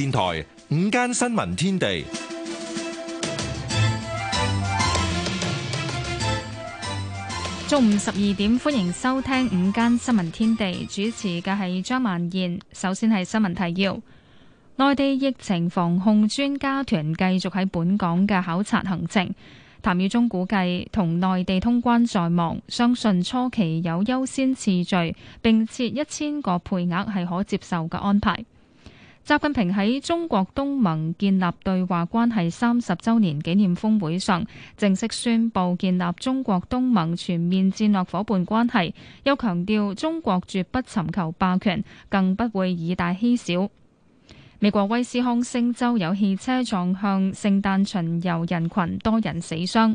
電台午間新聞天地，中午十二點，歡迎收聽午間新聞天地。主持嘅係張曼燕。首先係新聞提要：內地疫情防控專家團繼續喺本港嘅考察行程。譚耀宗估計同內地通關在望，相信初期有優先次序，並設一千個配額係可接受嘅安排。習近平喺中國東盟建立對話關係三十周年紀念峰會上正式宣布建立中國東盟全面戰略夥伴關係，又強調中國絕不尋求霸權，更不會以大欺小。美國威斯康星州有汽車撞向聖誕巡遊人群，多人死傷。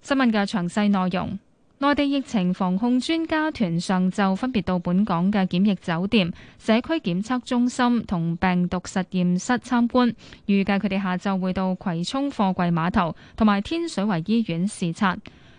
新聞嘅詳細內容。內地疫情防控專家團上晝分別到本港嘅檢疫酒店、社區檢測中心同病毒實驗室參觀，預計佢哋下晝會到葵涌貨櫃碼頭同埋天水圍醫院視察。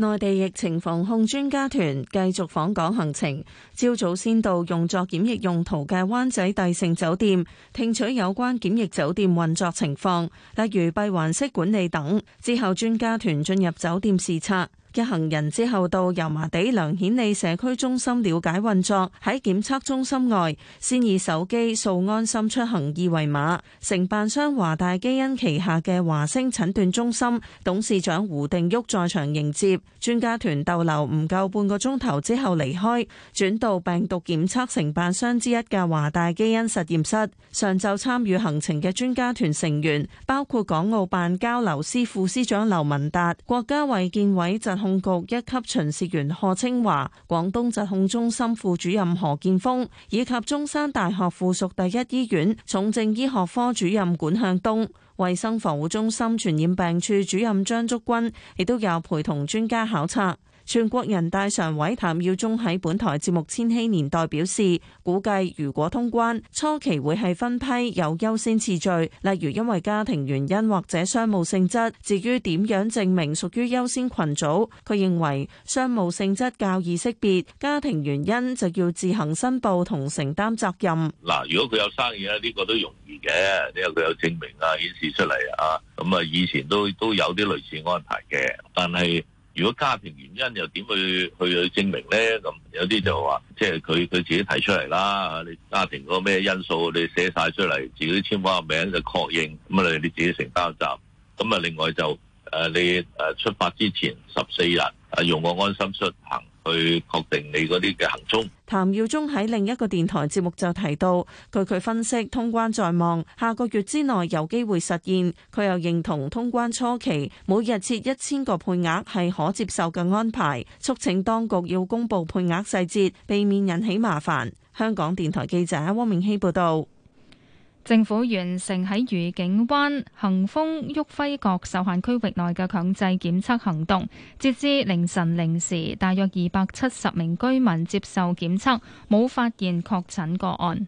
內地疫情防控專家團繼續訪港行程，朝早先到用作檢疫用途嘅灣仔帝盛酒店，聽取有關檢疫酒店運作情況，例如閉環式管理等。之後，專家團進入酒店視察。一行人之後到油麻地梁顯利社區中心了解運作，喺檢測中心外先以手機掃安心出行二維碼。承辦商華大基因旗下嘅華星診斷中心董事長胡定旭在場迎接專家團，逗留唔夠半個鐘頭之後離開，轉到病毒檢測承辦商之一嘅華大基因實驗室。上晝參與行程嘅專家團成員包括港澳辦交流司副司長劉文達、國家衛健委疾控。控局一級巡視員賀清華、廣東疾控中心副主任何建峰以及中山大學附屬第一醫院重症醫學科主任管向東、衛生防護中心傳染病處主任張竹君，亦都有陪同專家考察。全國人大常委譚耀宗喺本台節目《千禧年代》表示，估計如果通關初期會係分批有優先次序，例如因為家庭原因或者商務性質。至於點樣證明屬於優先群組，佢認為商務性質較易識別，家庭原因就要自行申報同承擔責任。嗱，如果佢有生意啊，呢個都容易嘅，因為佢有證明啊顯示出嚟，啊咁啊以前都都有啲類似安排嘅，但係。如果家庭原因又點去去去證明咧？咁有啲就話，即係佢佢自己提出嚟啦。你家庭嗰個咩因素，你寫晒出嚟，自己簽翻個名就確認，咁你你自己承擔責任。咁啊，另外就誒你誒出發之前十四日啊，用個安心出行。去確定你嗰啲嘅行蹤。譚耀宗喺另一個電台節目就提到，據佢分析，通關在望，下個月之內有機會實現。佢又認同通關初期每日設一千個配額係可接受嘅安排，促請當局要公布配額細節，避免引起麻煩。香港電台記者汪明希報道。政府完成喺愉景灣、恒豐、旭輝閣受限區域內嘅強制檢測行動，截至凌晨零時，大約二百七十名居民接受檢測，冇發現確診個案。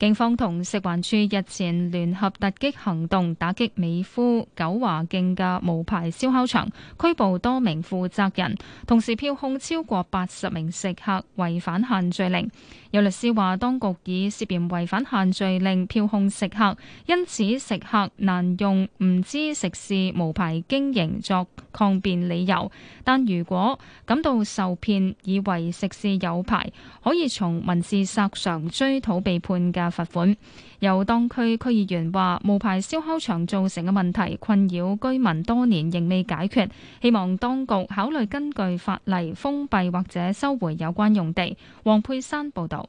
警方同食環署日前聯合突擊行動，打擊美孚九華徑嘅無牌燒烤場，拘捕多名負責人，同時票控超過八十名食客違反限聚令。有律師話，當局以涉嫌違反限聚令票控食客，因此食客難用唔知食肆無牌經營作抗辯理由。但如果感到受騙，以為食肆有牌，可以從民事索償追討被判嘅罰款。有當區區議員話，無牌燒烤場造成嘅問題困擾居民多年，仍未解決，希望當局考慮根據法例封閉或者收回有關用地。黃佩珊報導。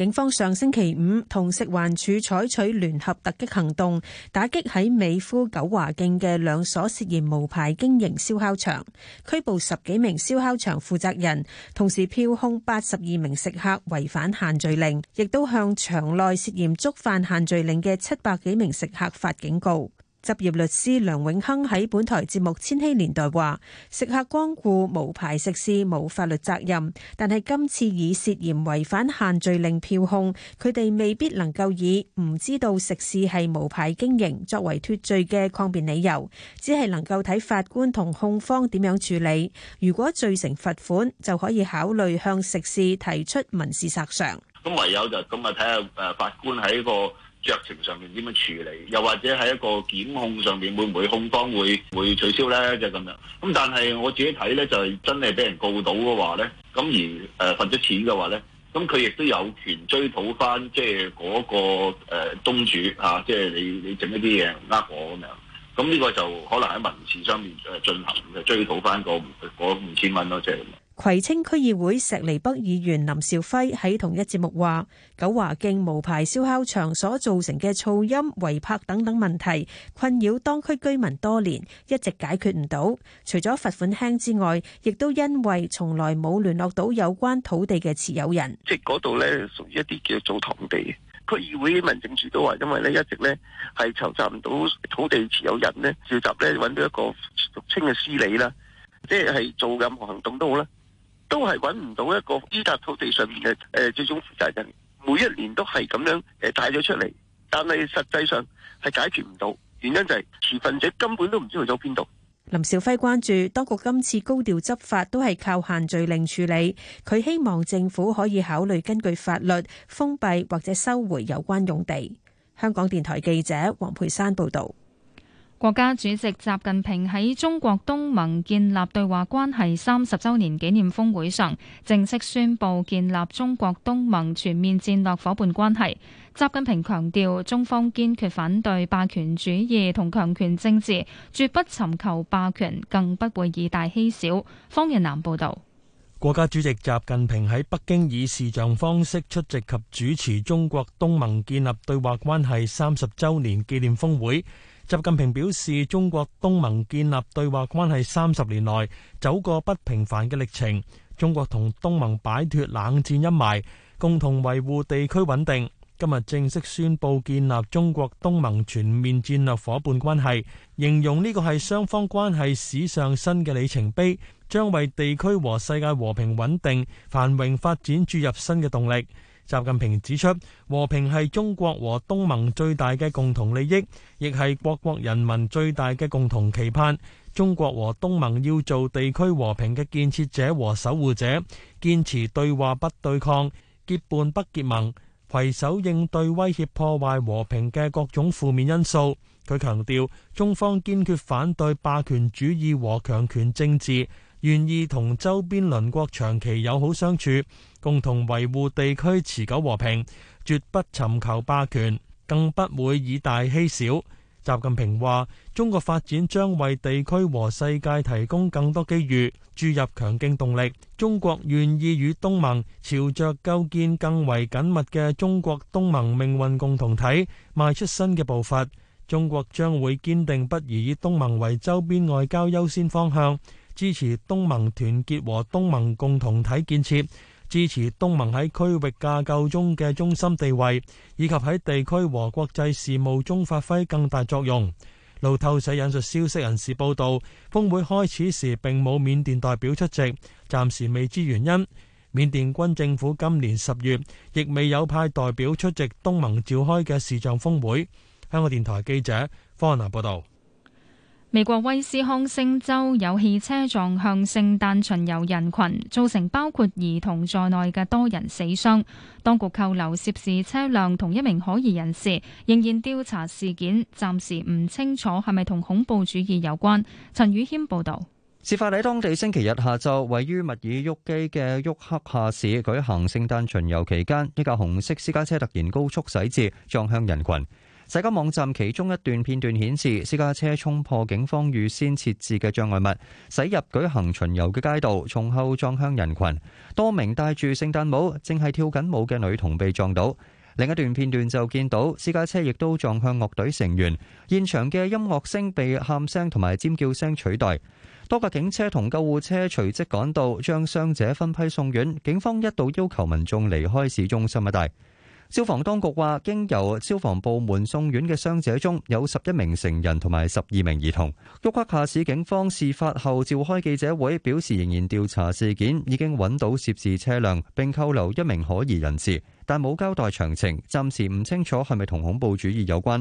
警方上星期五同食環署採取聯合突擊行動，打擊喺美孚九華徑嘅兩所涉嫌無牌經營燒烤場，拘捕十幾名燒烤場負責人，同時票控八十二名食客違反限聚令，亦都向場內涉嫌觸犯限聚令嘅七百幾名食客發警告。執業律師梁永亨喺本台節目《千禧年代》話：食客光顧無牌食肆冇法律責任，但係今次以涉嫌違反限聚令票控，佢哋未必能夠以唔知道食肆係無牌經營作為脱罪嘅抗辯理由，只係能夠睇法官同控方點樣處理。如果罪成罰款，就可以考慮向食肆提出民事索償。咁唯有就咁啊睇下誒法官喺個。酌情上面點樣處理，又或者喺一個檢控上面會唔會控方會會取消咧？就咁、是、樣。咁但係我自己睇咧，就係、是、真係俾人告到嘅話咧，咁而誒罰咗錢嘅話咧，咁佢亦都有權追討翻，即係嗰個誒、啊就是、東主嚇，即係你你整一啲嘢呃我咁樣。咁呢個就可能喺民事上面誒進行嘅追討翻嗰五千蚊咯，即係。就是葵青區議會石籬北議員林兆輝喺同一節目話：九華徑無牌燒烤場所造成嘅噪音、違泊等等問題，困擾當區居民多年，一直解決唔到。除咗罰款輕之外，亦都因為從來冇聯絡到有關土地嘅持有人，即係嗰度呢，屬於一啲叫做堂地。區議會民政處都話，因為呢一直呢係籌集唔到土地持有人呢召集呢揾到一個俗稱嘅司理啦，即係做任何行動都好啦。都係揾唔到一個依笪土地上面嘅誒，最終負責人，每一年都係咁樣誒帶咗出嚟，但係實際上係解決唔到，原因就係持份者根本都唔知去咗邊度。林兆輝關注當局今次高調執法，都係靠限聚令處理。佢希望政府可以考慮根據法律封閉或者收回有關用地。香港電台記者黃培山報道。國家主席習近平喺中國東盟建立對話關係三十周年紀念峰會上正式宣布建立中國東盟全面戰略伙伴關係。習近平強調，中方堅決反對霸權主義同強權政治，絕不尋求霸權，更不會以大欺小。方人南報導，國家主席習近平喺北京以視像方式出席及主持中國東盟建立對話關係三十周年紀念峰會。習近平表示，中國東盟建立對話關係三十年來，走過不平凡嘅歷程。中國同東盟擺脫冷戰陰霾，共同維護地區穩定。今日正式宣布建立中國東盟全面戰略伙伴關係，形容呢個係雙方關係史上新嘅里程碑，將為地區和世界和平穩定、繁榮發展注入新嘅動力。習近平指出，和平係中國和東盟最大嘅共同利益，亦係各國人民最大嘅共同期盼。中國和東盟要做地區和平嘅建設者和守護者，堅持對話不對抗，結伴不結盟，攜手應對威脅破壞和平嘅各種負面因素。佢強調，中方堅決反對霸權主義和強權政治。願意同周邊鄰國長期友好相處，共同維護地區持久和平，絕不尋求霸權，更不會以大欺小。習近平話：中國發展將為地區和世界提供更多機遇，注入強勁動力。中國願意與東盟朝着構建更為緊密嘅中國東盟命運共同體，邁出新嘅步伐。中國將會堅定不移以東盟為周邊外交優先方向。支持東盟團結和東盟共同體建設，支持東盟喺區域架構中嘅中心地位，以及喺地區和國際事務中發揮更大作用。路透社引述消息人士報道，峰會開始時並冇緬甸代表出席，暫時未知原因。緬甸軍政府今年十月亦未有派代表出席東盟召開嘅視像峰會。香港電台記者方南娜報道。美國威斯康星州有汽車撞向聖誕巡遊人群，造成包括兒童在內嘅多人死傷。當局扣留涉事車輛同一名可疑人士，仍然調查事件，暫時唔清楚係咪同恐怖主義有關。陳宇謙報道。事發喺當地星期日下晝，位於密爾沃基嘅沃克夏市舉行聖誕巡遊期間，一架紅色私家車突然高速駛至，撞向人群。社交網站其中一段片段顯示，私家車衝破警方預先設置嘅障礙物，駛入舉行巡遊嘅街道，從後撞向人群。多名戴住聖誕帽、正係跳緊舞嘅女童被撞倒。另一段片段就見到私家車亦都撞向樂隊成員，現場嘅音樂聲被喊聲同埋尖叫聲取代。多架警車同救護車隨即趕到，將傷者分批送院。警方一度要求民眾離開市中心一帶。消防當局話，經由消防部門送院嘅傷者中有十一名成人同埋十二名兒童。旭克下市警方事發後召開記者會，表示仍然調查事件，已經揾到涉事車輛，並扣留一名可疑人士，但冇交代詳情，暫時唔清楚係咪同恐怖主義有關。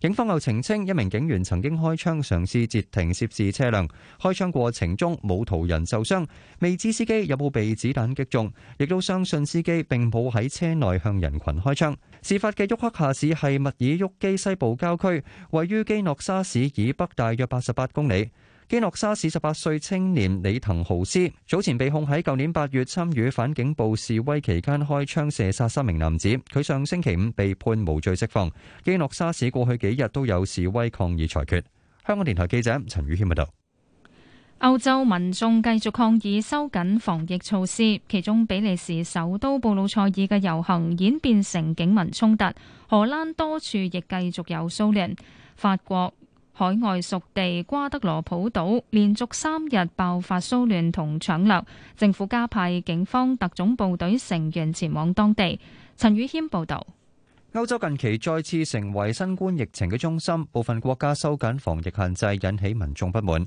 警方又澄清，一名警員曾經開槍嘗試截停涉事車輛，開槍過程中冇途人受傷，未知司機有冇被子彈擊中，亦都相信司機並冇喺車內向人群開槍。事發嘅沃克夏市係密爾沃基西部郊區，位於基諾沙市以北大約八十八公里。基諾沙市十八歲青年李騰豪斯早前被控喺舊年八月參與反警暴示威期間開槍射殺三名男子，佢上星期五被判無罪釋放。基諾沙市過去幾日都有示威抗議裁決。香港電台記者陳宇謙報道。歐洲民眾繼續抗議收緊防疫措施，其中比利時首都布魯塞爾嘅遊行演變成警民衝突，荷蘭多處亦繼續有騷亂，法國。海外屬地瓜德羅普島連續三日爆發騷亂同搶掠，政府加派警方特種部隊成員前往當地。陳宇謙報道：歐洲近期再次成為新冠疫情嘅中心，部分國家收緊防疫限制，引起民眾不滿。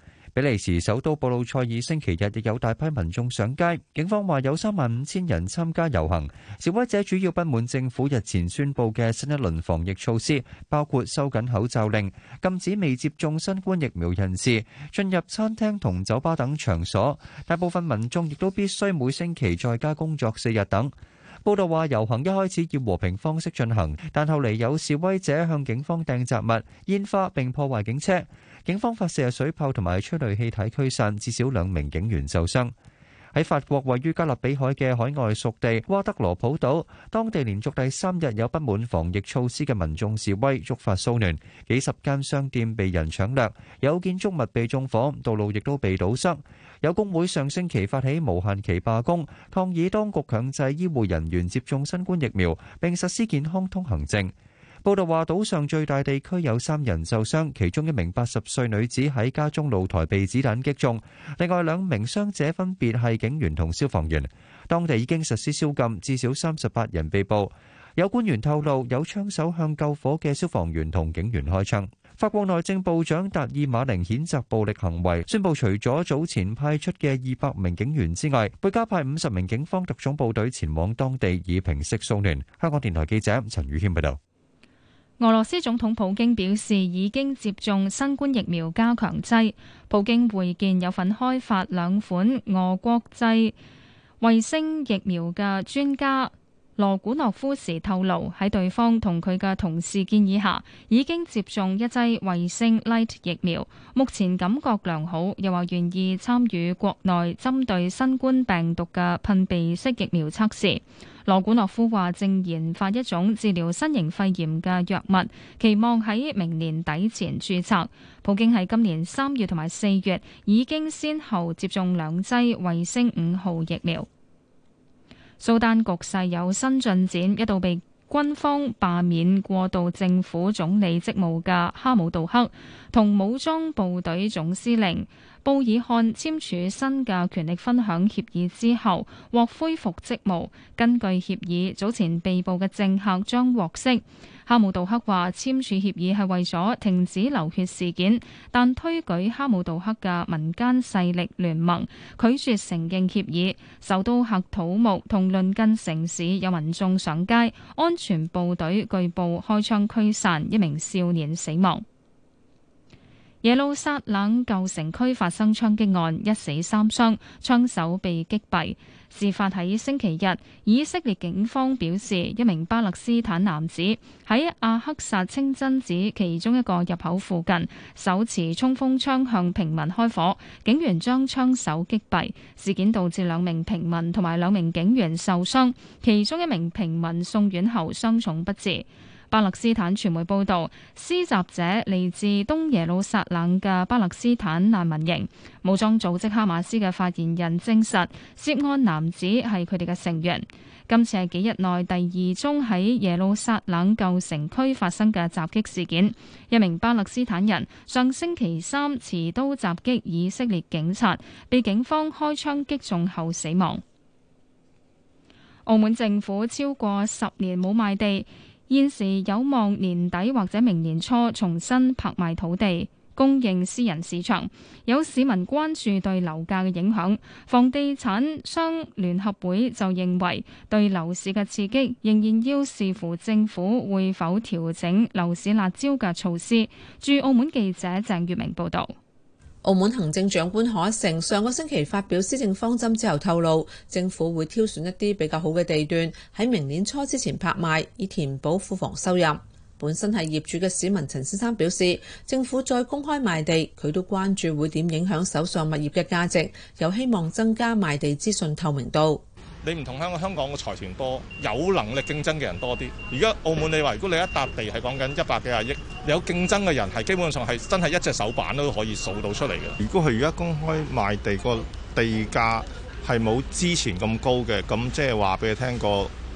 比利時首都布魯塞爾星期日亦有大批民眾上街，警方話有三萬五千人參加遊行，示威者主要不滿政府日前宣布嘅新一輪防疫措施，包括收緊口罩令、禁止未接種新冠疫苗人士進入餐廳同酒吧等場所，大部分民眾亦都必須每星期在家工作四日等。報道話遊行一開始以和平方式進行，但後嚟有示威者向警方掟雜物、煙花並破壞警車。警方發射水炮同埋催淚氣體驅散，至少兩名警員受傷。喺法國位於加勒比海嘅海外屬地瓜德羅普島，當地連續第三日有不滿防疫措施嘅民眾示威，觸發騷亂，幾十間商店被人搶掠，有建築物被縱火，道路亦都被堵塞。有工會上星期發起無限期罷工，抗議當局強制醫護人員接種新冠疫苗，並實施健康通行證。報道話，島上最大地區有三人受傷，其中一名八十歲女子喺家中露台被子彈擊中。另外兩名傷者分別係警員同消防員。當地已經實施宵禁，至少三十八人被捕。有官員透露，有槍手向救火嘅消防員同警員開槍。法國內政部長達爾馬寧譴責暴力行為，宣布除咗早前派出嘅二百名警員之外，會加派五十名警方特種部隊前往當地以平息騷亂。香港電台記者陳宇謙報道。俄羅斯總統普京表示，已經接種新冠疫苗加強劑。普京會見有份開發兩款俄國製衛星疫苗嘅專家。羅古諾夫時透露，喺對方同佢嘅同事建議下，已經接種一劑衛星 Light 疫苗，目前感覺良好，又話願意參與國內針對新冠病毒嘅噴鼻式疫苗測試。羅古諾夫話正研發一種治療新型肺炎嘅藥物，期望喺明年底前註冊。普京喺今年三月同埋四月已經先後接種兩劑衛星五號疫苗。蘇丹局勢有新進展，一度被軍方罷免過渡政府總理職務嘅哈姆杜克，同武裝部隊總司令布爾漢簽署新嘅權力分享協議之後，獲恢復職務。根據協議，早前被捕嘅政客將獲釋。哈姆杜克話簽署協議係為咗停止流血事件，但推舉哈姆杜克嘅民間勢力聯盟拒絕承認協議。首都喀土穆同鄰近城市有民眾上街，安全部隊據報開槍驅散一名少年死亡。耶路撒冷舊城區發生槍擊案，一死三傷，槍手被擊斃。事發喺星期日，以色列警方表示，一名巴勒斯坦男子喺阿克薩清真寺其中一個入口附近，手持衝鋒槍向平民開火，警員將槍手擊斃。事件導致兩名平民同埋兩名警員受傷，其中一名平民送院後傷重不治。巴勒斯坦傳媒報道，施襲者嚟自東耶路撒冷嘅巴勒斯坦難民營。武裝組織哈馬斯嘅發言人證實，涉案男子係佢哋嘅成員。今次係幾日內第二宗喺耶路撒冷舊城區發生嘅襲擊事件。一名巴勒斯坦人上星期三持刀襲擊以色列警察，被警方開槍擊中後死亡。澳門政府超過十年冇賣地。現時有望年底或者明年初重新拍賣土地，供應私人市場，有市民關注對樓價嘅影響，房地產商聯合會就認為對樓市嘅刺激仍然要視乎政府會否調整樓市辣招嘅措施。駐澳門記者鄭月明報道。澳門行政長官何成上個星期發表施政方針之後，透露政府會挑選一啲比較好嘅地段喺明年初之前拍賣，以填補庫房收入。本身係業主嘅市民陳先生表示，政府再公開賣地，佢都關注會點影響手上物業嘅價值，又希望增加賣地資訊透明度。你唔同香港，香港嘅財團多，有能力競爭嘅人多啲。而家澳門，你話如果你一笪地係講緊一百幾廿億，有競爭嘅人係基本上係真係一隻手板都可以數到出嚟嘅。如果佢而家公開賣地，個地價係冇之前咁高嘅，咁即係話俾你聽，個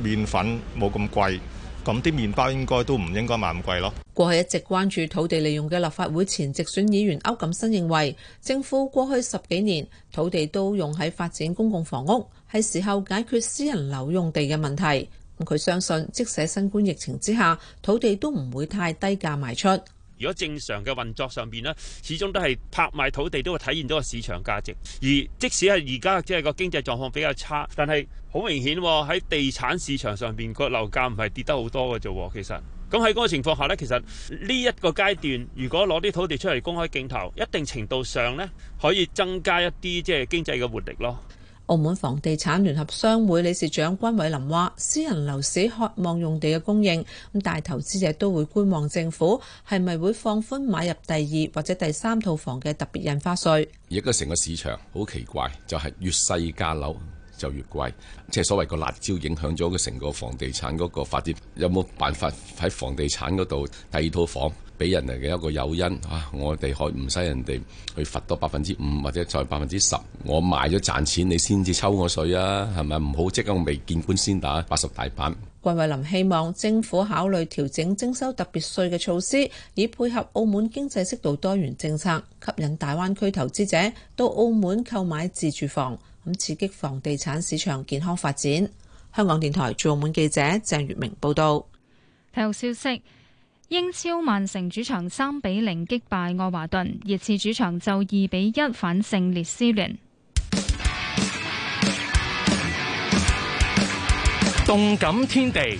麵粉冇咁貴，咁啲麵包應該都唔應該賣咁貴咯。過去一直關注土地利用嘅立法會前直選議員區錦新認為，政府過去十幾年土地都用喺發展公共房屋。係時候解決私人樓用地嘅問題。佢相信，即使新冠疫情之下，土地都唔會太低價賣出。如果正常嘅運作上邊咧，始終都係拍賣土地都會體現到個市場價值。而即使係而家即係個經濟狀況比較差，但係好明顯喺地產市場上邊個樓價唔係跌得好多嘅啫。其實咁喺嗰個情況下呢，其實呢一個階段，如果攞啲土地出嚟公開競投，一定程度上呢，可以增加一啲即係經濟嘅活力咯。澳門房地產聯合商會理事長君偉林話，私人樓市渴望用地嘅供應，咁大投資者都會觀望政府係咪會放寬買入第二或者第三套房嘅特別印花稅。而家成個市場好奇怪，就係越細價樓就越貴，即係所謂個辣椒影響咗個成個房地產嗰個發展，有冇辦法喺房地產嗰度第二套房？俾人哋嘅一個誘因嚇，我哋可唔使人哋去罰多百分之五或者再百分之十，我賣咗賺錢，你先至抽我水啊，係咪？唔好即刻我未見官先打八十大板。韋慧林希望政府考慮調整徵收特別稅嘅措施，以配合澳門經濟適度多元政策，吸引大灣區投資者到澳門購買自住房，咁刺激房地產市場健康發展。香港電台駐澳門記者鄭月明報導。睇好消息。英超曼城主場三比零擊敗愛華頓，熱刺主場就二比一反勝列斯聯。動感天地。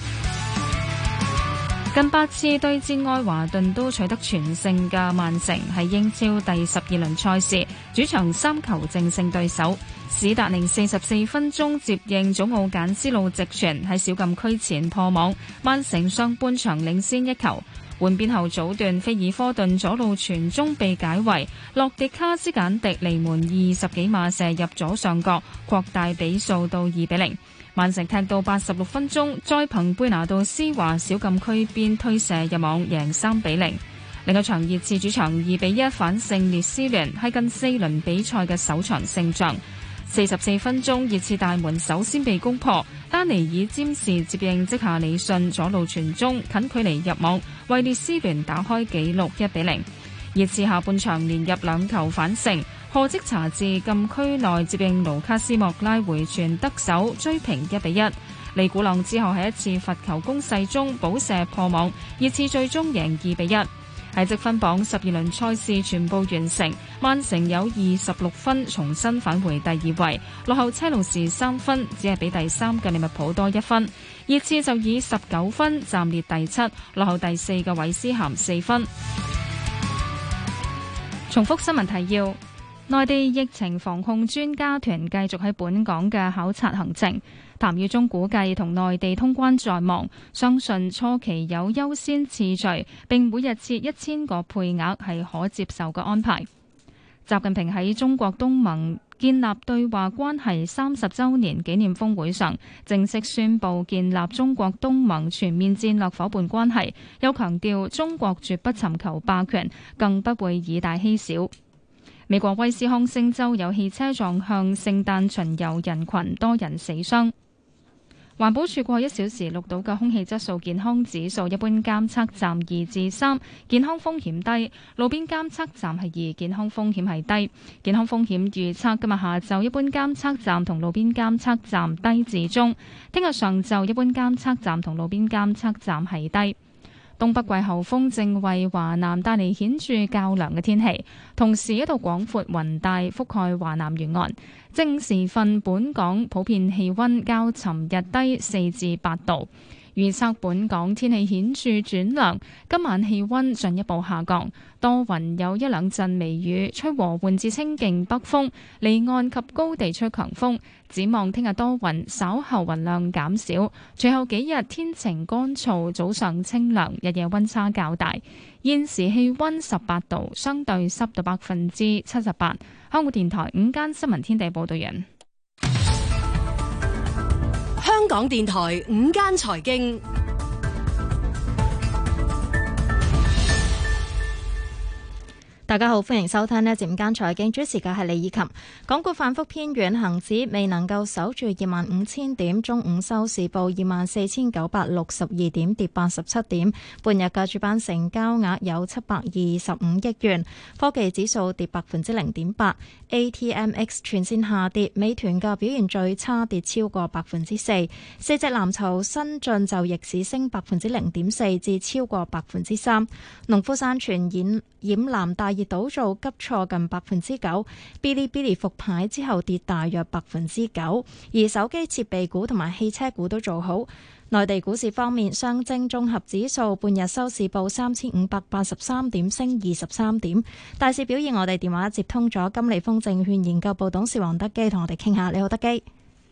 近八次對戰愛華頓都取得全勝嘅曼城，喺英超第十二輪賽事主場三球淨勝對手。史達寧四十四分鐘接應祖奧簡斯路直傳喺小禁區前破網，曼城上半場領先一球。換邊後早段菲爾科頓左路傳中被解圍，洛迪卡斯簡迪離門二十幾碼射入左上角，擴大比數到二比零。曼城踢到八十六分鐘，再憑貝拿度斯華小禁區邊推射入網，贏三比零。另一場熱刺主場二比一反勝列斯聯，係近四輪比賽嘅首場勝仗。四十四分鐘，熱刺大門首先被攻破，丹尼爾占士接應即下李信左路傳中，近距離入網，為列斯聯打開紀錄一比零。熱刺下半場連入兩球反勝。破即查字禁區內接應盧卡斯莫拉回傳得手，追平一比一，利古朗之後喺一次罰球攻勢中補射破網，熱刺最終贏二比一。喺積分榜十二輪賽事全部完成，曼城有二十六分，重新返回第二位，落後車路士三分，只係比第三嘅利物浦多一分。熱刺就以十九分暫列第七，落後第四嘅韋斯咸四分。重複新聞提要。內地疫情防控專家團繼續喺本港嘅考察行程，譚耀宗估計同內地通關在望，相信初期有優先次序，並每日設一千個配額係可接受嘅安排。習近平喺中國東盟建立對話關係三十周年紀念峰會上，正式宣布建立中國東盟全面戰略伙伴關係，又強調中國絕不尋求霸權，更不會以大欺小。美國威斯康星州，有汽車撞向聖誕巡遊人群，多人死傷。環保處過一小時錄到嘅空氣質素健康指數，一般監測站二至三，健康風險低；路邊監測站係二，健康風險係低。健康風險預測今日下晝一般監測站同路邊監測站低至中，聽日上晝一般監測站同路邊監測站係低。東北季候風正為華南帶嚟顯著較涼嘅天氣，同時一道廣闊雲帶覆蓋華南沿岸。正時分，本港普遍氣溫較尋日低四至八度。預測本港天氣顯著轉涼，今晚氣溫進一步下降，多雲有一兩陣微雨，吹和緩至清勁北風，離岸及高地吹強風。展望聽日多雲，稍後雲量減少，隨後幾日天晴乾燥，早上清涼，日夜溫差較大。現時氣溫十八度，相對濕度百分之七十八。香港電台午間新聞天地報道完。香港電台午間財經。大家好，歡迎收聽呢節午間財經，主持嘅係李以琴。港股反覆偏軟，恒指未能夠守住二萬五千點，中午收市報二萬四千九百六十二點，跌八十七點。半日嘅主板成交額有七百二十五億元。科技指數跌百分之零點八，A T M X 全線下跌，美團嘅表現最差，跌超過百分之四。四隻藍籌新晉就逆市升百分之零點四，至超過百分之三。農夫山泉演染藍大熱倒灶急挫近百分之九，嗶哩嗶哩復牌之後跌大約百分之九，而手機設備股同埋汽車股都做好。內地股市方面，上證綜合指數半日收市報三千五百八十三點，升二十三點。大市表現，我哋電話接通咗金利豐證券研究部董事黃德基，同我哋傾下。你好，德基。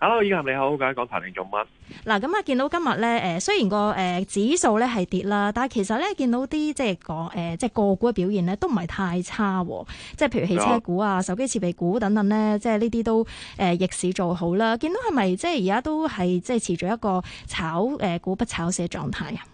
Hello，依涵，你好，今日講排面做乜？嗱，咁啊，見到今日咧，誒，雖然個誒指數咧係跌啦，但係其實咧見到啲即係講誒，即係個股嘅表現咧都唔係太差，即係譬如汽車股啊、手機設備股等等咧，即係呢啲都誒逆市做好啦。見到係咪即係而家都係即係持續一個炒誒股不炒市嘅狀態啊？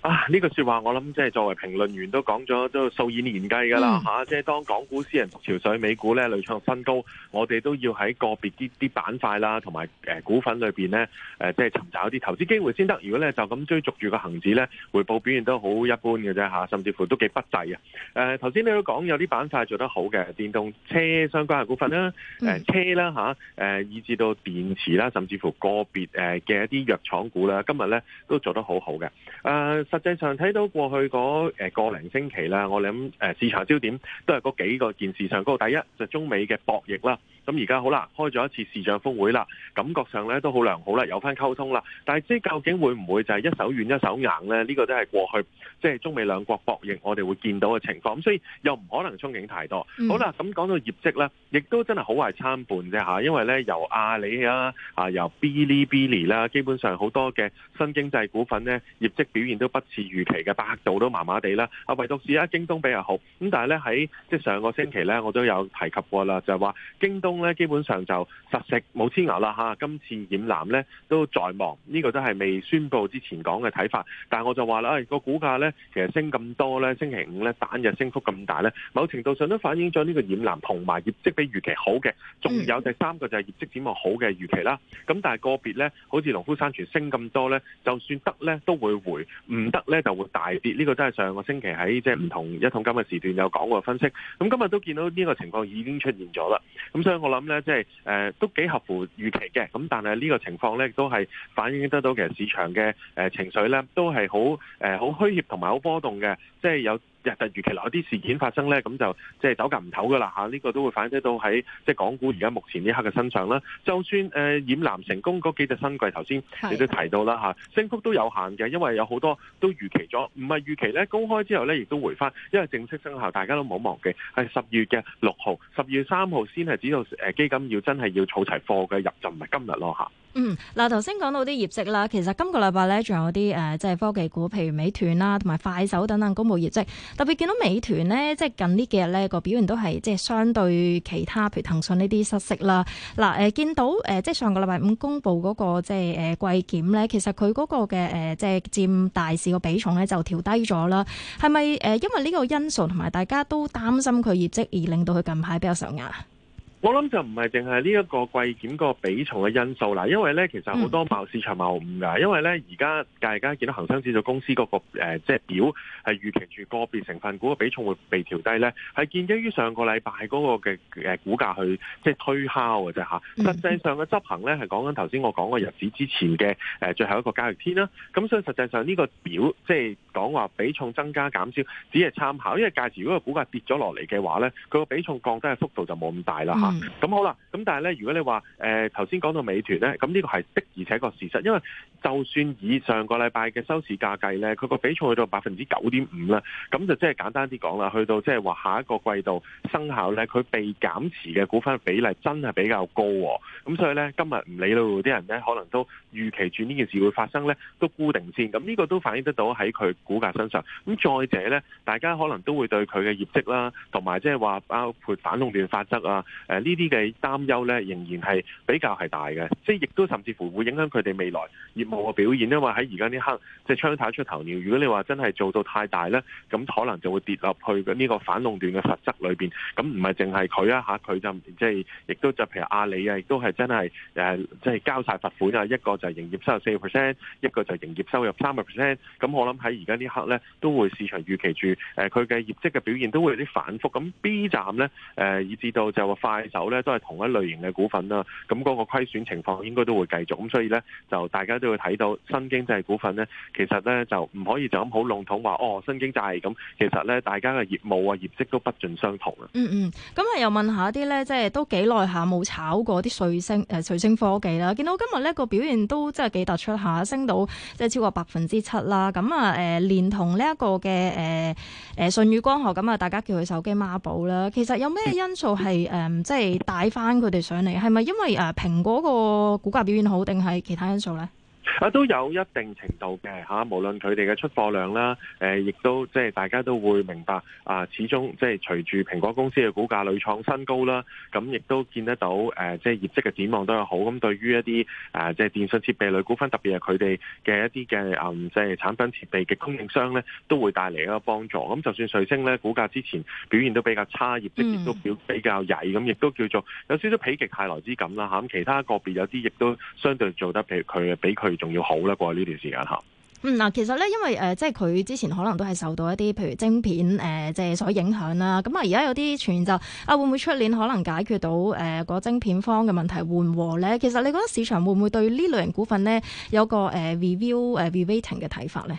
啊！呢個説話我諗即係作為評論員都講咗都數以年計㗎啦嚇！即係當港股私人潮水，美股咧屢創新高，我哋都要喺個別啲啲板塊啦，同埋誒股份裏邊咧誒，即係尋找啲投資機會先得。如果咧就咁追逐住個恆指咧，回報表現都好一般嘅啫嚇，甚至乎都幾不濟啊！誒頭先你都講有啲板塊做得好嘅，電動車相關嘅股份啦，誒車啦嚇，誒、呃 mm hmm。以至到電池啦，甚至乎個別誒嘅一啲藥廠股啦，今日咧都做得好好嘅。誒、啊實際上睇到過去嗰誒個零星期啦，我諗誒市場焦點都係嗰幾個件事上，嗰個第一就中美嘅博弈啦。咁而家好啦，開咗一次視像峰會啦，感覺上咧都好良好啦，有翻溝通啦。但係即究竟會唔會就係一手軟一手硬咧？呢、這個都係過去即係、就是、中美兩國博弈，我哋會見到嘅情況。咁所以又唔可能憧憬太多。嗯、好啦，咁講到業績咧，亦都真係好壞參半啫吓，因為咧由阿里啊啊由 Bilibili 啦，ili, 基本上好多嘅新經濟股份咧業績表現都不似預期嘅，百度都麻麻地啦。啊，唯獨是啊，京東比較好。咁但係咧喺即係上個星期咧，我都有提及過啦，就係話京東。咧基本上就實食冇黐牙啦嚇，今次染藍咧都在望，呢、這個都係未宣佈之前講嘅睇法。但係我就話啦，誒、哎這個股價咧其實升咁多咧，星期五咧單日升幅咁大咧，某程度上都反映咗呢個染藍同埋業績比預期好嘅，仲有第三個就係業績展望好嘅預期啦。咁但係個別咧，好似農夫山泉升咁多咧，就算得咧都會回，唔得咧就會大跌。呢、這個都係上個星期喺即係唔同一桶金嘅時段有講過分析。咁今日都見到呢個情況已經出現咗啦。咁所以我。我諗咧，即係誒、呃，都幾合乎預期嘅。咁但係呢個情況咧，亦都係反映得到其實市場嘅誒、呃、情緒咧，都係好誒好虛怯同埋好波動嘅，即係有。日突如其來有啲事件發生咧，咁就即係走夾唔唞噶啦嚇，呢個都會反映到喺即係港股而家目前呢刻嘅身上啦。就算誒染藍成功嗰幾隻新貴，頭先你都提到啦嚇，的升幅都有限嘅，因為有好多都預期咗，唔係預期咧，公開之後咧亦都回翻，因為正式生效，大家都唔好忘記係十月嘅六號，十月三號先係指到誒基金要真係要儲齊貨嘅入，就唔係今日咯嚇。嗯，嗱，頭先講到啲業績啦，其實今個禮拜咧，仲有啲誒，即係科技股，譬如美團啦，同埋快手等等公布業績，特別見到美團呢，即係近呢幾日呢個表現都係即係相對其他，譬如騰訊呢啲失色啦。嗱，誒見到誒，即係上個禮拜五公布嗰個即係誒季檢呢，其實佢嗰個嘅誒即係佔大市個比重呢就調低咗啦。係咪誒因為呢個因素同埋大家都擔心佢業績而令到佢近排比較受壓？我諗就唔係淨係呢一個季檢個比重嘅因素啦，因為咧其實好多爆市場爆唔噶，因為咧而家大家見到恒生指數公司嗰個誒即係表係預期住個別成分股嘅比重會被調低咧，係建基於上個禮拜嗰個嘅誒股價去即係推敲嘅啫吓。實際上嘅執行咧係講緊頭先我講個日子之前嘅誒最後一個交易天啦。咁所以實際上呢個表即係講話比重增加減少，只係參考，因為屆時如果個股價跌咗落嚟嘅話咧，佢個比重降低嘅幅度就冇咁大啦，啊。咁好啦，咁、嗯嗯、但係咧，如果你話誒頭先講到美團咧，咁呢個係的而且確事實，因為就算以上個禮拜嘅收市價計咧，佢個比重去到百分之九點五啦，咁就即係簡單啲講啦，去到即係話下一個季度生效咧，佢被減持嘅股份比例真係比較高，咁所以咧今日唔理到啲人咧，可能都預期住呢件事會發生咧，都沽定先，咁呢個都反映得到喺佢股價身上。咁再者咧，大家可能都會對佢嘅業績啦，同埋即係話包括反壟斷法則啊，呃呢啲嘅擔憂呢，仍然係比較係大嘅，即係亦都甚至乎會影響佢哋未來業務嘅表現，因為喺而家呢刻即係槍打出頭鳥。如果你話真係做到太大呢，咁可能就會跌落去嘅呢個反壟斷嘅罰則裏邊。咁唔係淨係佢啊吓，佢就即係亦都就譬如阿里啊，亦都係真係誒，即、呃、係、就是、交晒罰款啊，一個就係營業收入四個 percent，一個就係營業收入三個 percent。咁我諗喺而家呢刻呢，都會市場預期住誒佢嘅業績嘅表現都會有啲反覆。咁 B 站呢，誒、呃，以至到就話快手咧都係同一類型嘅股份啦，咁、那、嗰個虧損情況應該都會繼續，咁所以咧就大家都會睇到新經濟股份咧，其實咧就唔可以就咁好籠統話哦，新經濟咁，其實咧大家嘅業務啊業績都不盡相同啊。嗯嗯，咁、嗯、啊又問一下啲咧，即係都幾耐下冇炒過啲瑞聲誒、呃、瑞聲科技啦，見到今日呢個表現都真係幾突出下，升到即係超過百分之七啦。咁啊誒連同呢一個嘅誒誒舜宇光學，咁啊大家叫佢手機孖寶啦。其實有咩因素係誒即係？嗯嗯嗯嗯嗯嚟帶翻佢哋上嚟，係咪因為誒蘋果個股價表現好，定係其他因素咧？啊，都有一定程度嘅吓，無論佢哋嘅出貨量啦，誒，亦都即係大家都會明白啊，始終即係隨住蘋果公司嘅股價屢創新高啦，咁亦都見得到誒即係業績嘅展望都係好。咁對於一啲誒、呃、即係電信設備類股份，特別係佢哋嘅一啲嘅誒，即係產品設備嘅供應商咧，都會帶嚟一個幫助。咁就算瑞星咧，股價之前表現都比較差，業績亦都表比較曳，咁亦都叫做有少少否極泰來之感啦吓，咁其他個別有啲亦都相對做得比佢比佢，比仲要好啦，過去呢段時間吓。嗯，嗱，其實咧，因為誒、呃，即係佢之前可能都係受到一啲，譬如晶片誒，即係所影響啦。咁啊，而家有啲傳言就啊，會唔會出年可能解決到誒、呃那個、晶片方嘅問題緩和咧？其實你覺得市場會唔會對呢類型股份咧有個誒、呃、review 誒、呃、rerating 嘅睇法咧？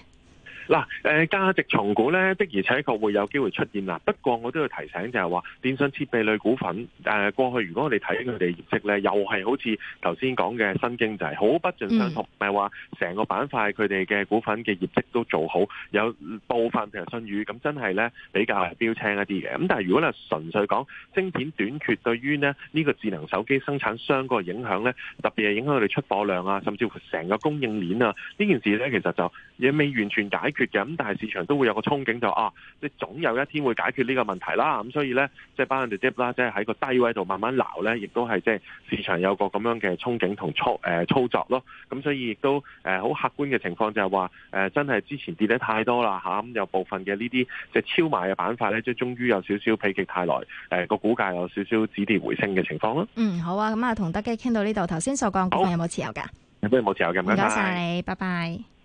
嗱，誒價值重估咧，的而且確會有機會出現啦。不過我都要提醒就係話，電信設備類股份誒過去，如果我哋睇佢哋業績咧，又係好似頭先講嘅新經濟，好不盡相同，唔係話成個板塊佢哋嘅股份嘅業績都做好，有部分譬如信譽咁，真係咧比較標青一啲嘅。咁但係如果你純粹講晶片短缺對於咧呢個智能手機生產商嗰個影響咧，特別係影響佢哋出貨量啊，甚至乎成個供應鏈啊，呢件事咧其實就亦未完全解決。咁但係市場都會有個憧憬，就是，就啊，你總有一天會解決呢個問題啦。咁、啊、所以咧，即係幫人哋接啦，即係喺個低位度慢慢撈咧，亦、啊、都係即係市場有個咁樣嘅憧憬同操誒、啊、操作咯。咁、啊、所以亦都誒好、啊、客觀嘅情況就係話誒，真係之前跌得太多啦嚇，咁、啊、有部分嘅呢啲即係超賣嘅板塊咧，即、啊、係終於有少少疲極太來誒，個、啊、股價有少少止跌回升嘅情況咯。啊、嗯，好啊，咁啊，同德基傾到呢度。頭先所講股份有冇持有噶？有係冇持有嘅。唔該曬你，拜拜。拜拜。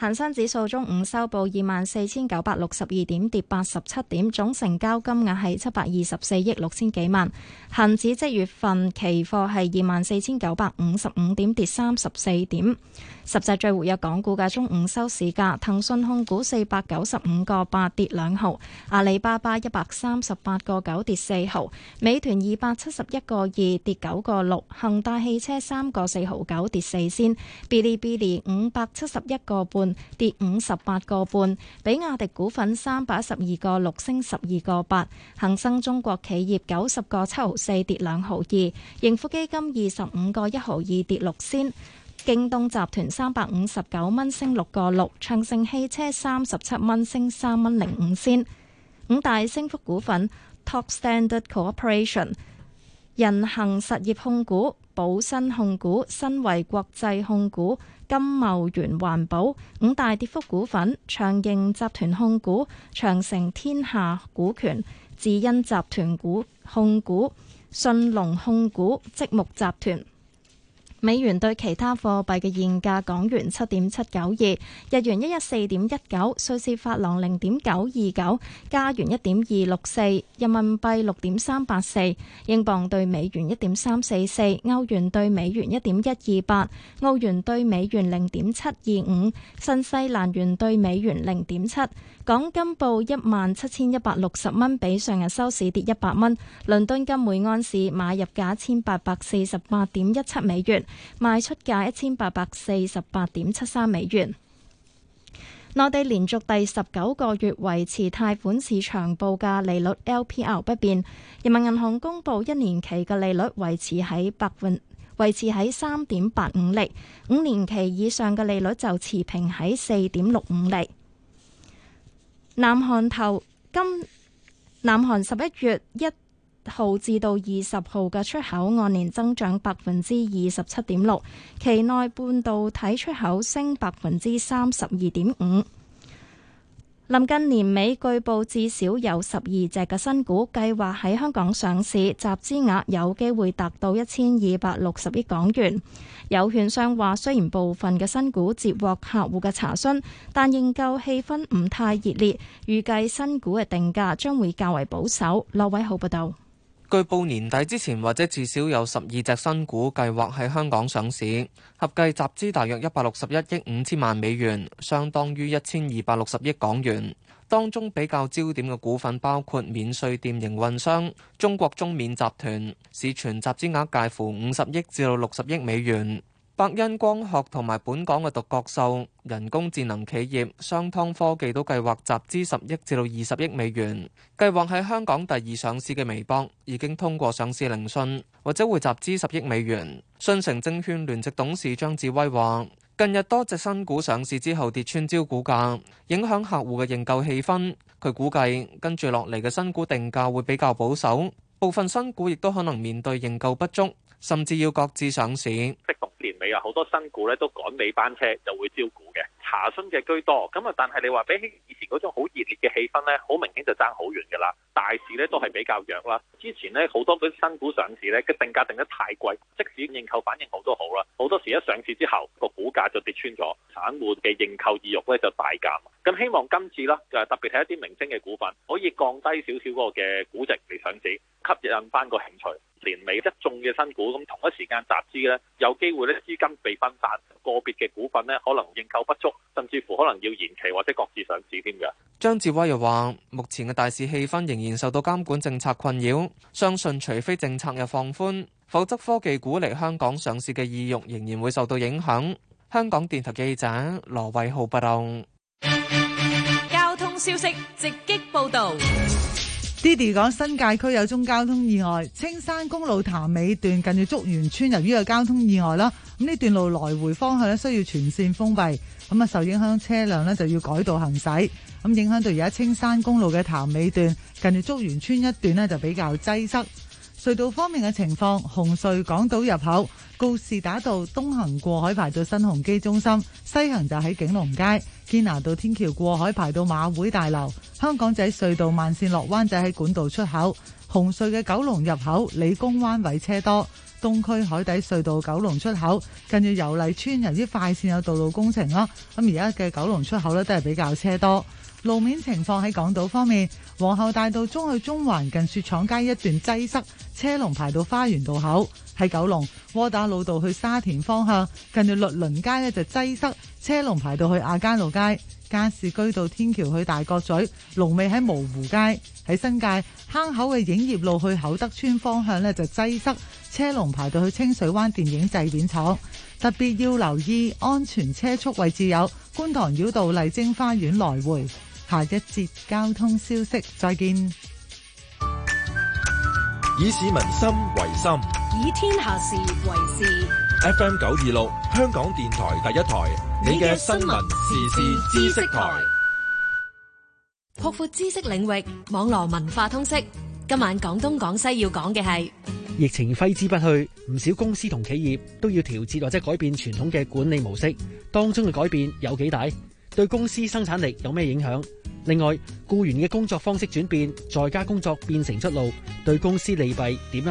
恒生指數中午收報二萬四千九百六十二點，跌八十七點，總成交金額係七百二十四億六千幾萬。恒指即月份期貨係二萬四千九百五十五點，跌三十四點。十隻最活躍港股嘅中午收市價：騰訊控股四百九十五個八跌兩毫，阿里巴巴一百三十八個九跌四毫，美團二百七十一個二跌九個六，恒大汽車三個四毫九跌四仙，嗶哩嗶哩五百七十一個半，跌五十八個半，比亞迪股份三百一十二個六升十二個八，恒生中國企業九十個七毫四跌兩毫二，盈富基金二十五個一毫二跌六仙，京東集團三百五十九蚊升六個六，長城汽車三十七蚊升三蚊零五仙，五大升幅股份 Top Standard Corporation。人行實業控股、寶新控股、新維國際控股、金茂源環保，五大跌幅股份，長盈集團控股、長城天下股權、智恩集團股控股、信隆控股、積木集團。美元兌其他貨幣嘅現價：港元七點七九二，日元一一四點一九，瑞士法郎零點九二九，加元一點二六四，人民幣六點三八四，英鎊對美元一點三四四，歐元對美元一點一二八，澳元對美元零點七二五，新西蘭元對美元零點七。港金報一萬七千一百六十蚊，比上日收市跌一百蚊。倫敦金每安士買入價一千八百四十八點一七美元，賣出價一千八百四十八點七三美元。內地連續第十九個月維持貸款市場報價利率 LPR 不變，人民銀行公布一年期嘅利率維持喺百分維持喺三點八五厘，五年期以上嘅利率就持平喺四點六五厘。南韓透今南韓十一月一號至到二十號嘅出口按年增長百分之二十七點六，期內半導體出口升百分之三十二點五。臨近年尾，據報至少有十二隻嘅新股計劃喺香港上市，集資額有機會達到一千二百六十億港元。有券商話，雖然部分嘅新股接獲客戶嘅查詢，但認購氣氛唔太熱烈，預計新股嘅定價將會較為保守。羅偉浩報道。據報年底之前或者至少有十二隻新股計劃喺香港上市，合計集資大約一百六十一億五千萬美元，相當於一千二百六十億港元。當中比較焦點嘅股份包括免稅店營運商、中國中免集團，市全集資額介乎五十億至到六十億美元。伯恩光學同埋本港嘅獨角獸人工智能企業商湯科技都計劃集資十億至到二十億美元，計劃喺香港第二上市嘅微博已經通過上市聆訊，或者會集資十億美元。信誠證券聯席董事張志威話，近日多隻新股上市之後跌穿招股價，影響客戶嘅認購氣氛。佢估計跟住落嚟嘅新股定價會比較保守，部分新股亦都可能面對認購不足。甚至要各自上市。即係逢年尾啊，好 多新股咧都趕尾班車就會招股嘅，查詢嘅居多。咁啊，但係你話比起以前嗰種好熱烈嘅氣氛咧，好明顯就爭好遠噶啦。大市咧都係比較弱啦。之前咧好多啲新股上市咧，個定價定得太貴，即使認購反應好都好啦。好多時一上市之後，個股價就跌穿咗，散戶嘅認購意欲咧就大減。咁希望今次啦，就特別係一啲明星嘅股份，可以降低少少嗰個嘅估值嚟上市，吸引翻個，興，個興，興趣。年尾一中嘅新股，咁同一時間集資咧，有機會咧資金被分散，個別嘅股份咧可能認購不足，甚至乎可能要延期或者擱置上市添㗎。張志威又話：目前嘅大市氣氛仍然受到監管政策困擾，相信除非政策有放寬，否則科技股嚟香港上市嘅意欲仍然會受到影響。香港電台記者羅偉浩報道。交通消息直擊報導。Didi 講新界區有宗交通意外，青山公路潭尾段近住竹園村，由於個交通意外啦，咁呢段路來回方向咧需要全綫封閉，咁啊受影響車輛咧就要改道行駛，咁影響到而家青山公路嘅潭尾段近住竹園村一段咧就比較擠塞。隧道方面嘅情況，紅隧港島入口。告士打道東行過海排到新鴻基中心，西行就喺景隆街。堅拿道天橋過海排到馬會大樓。香港仔隧道慢綫落灣仔喺管道出口，紅隧嘅九龍入口、理工灣位車多。東區海底隧道九龍出口，近住油麗邨，由於快綫有道路工程啦，咁而家嘅九龍出口咧都係比較車多。路面情況喺港島方面，皇后大道中去中環近雪廠街一段擠塞，車龍排到花園道口；喺九龍窩打老道去沙田方向，近住律倫街呢就擠塞，車龍排到去亞皆老街；加士居道天橋去大角咀，龍尾喺蕪湖街；喺新界坑口嘅影業路去厚德村方向呢就擠塞，車龍排到去清水灣電影製片廠。特別要留意安全車速位置有觀塘繞道麗晶花園來回。下一節交通消息，再見。以市民心為心，以天下事為事。FM 九二六，香港電台第一台，你嘅新聞時事知識台，擴闊知識領域，網絡文化通識。今晚廣東廣西要講嘅係疫情揮之不去，唔少公司同企業都要調節或者改變傳統嘅管理模式，當中嘅改變有幾大？，對公司生產力有咩影響？另外，僱員嘅工作方式轉變，在家工作變成出路，對公司利弊點樣？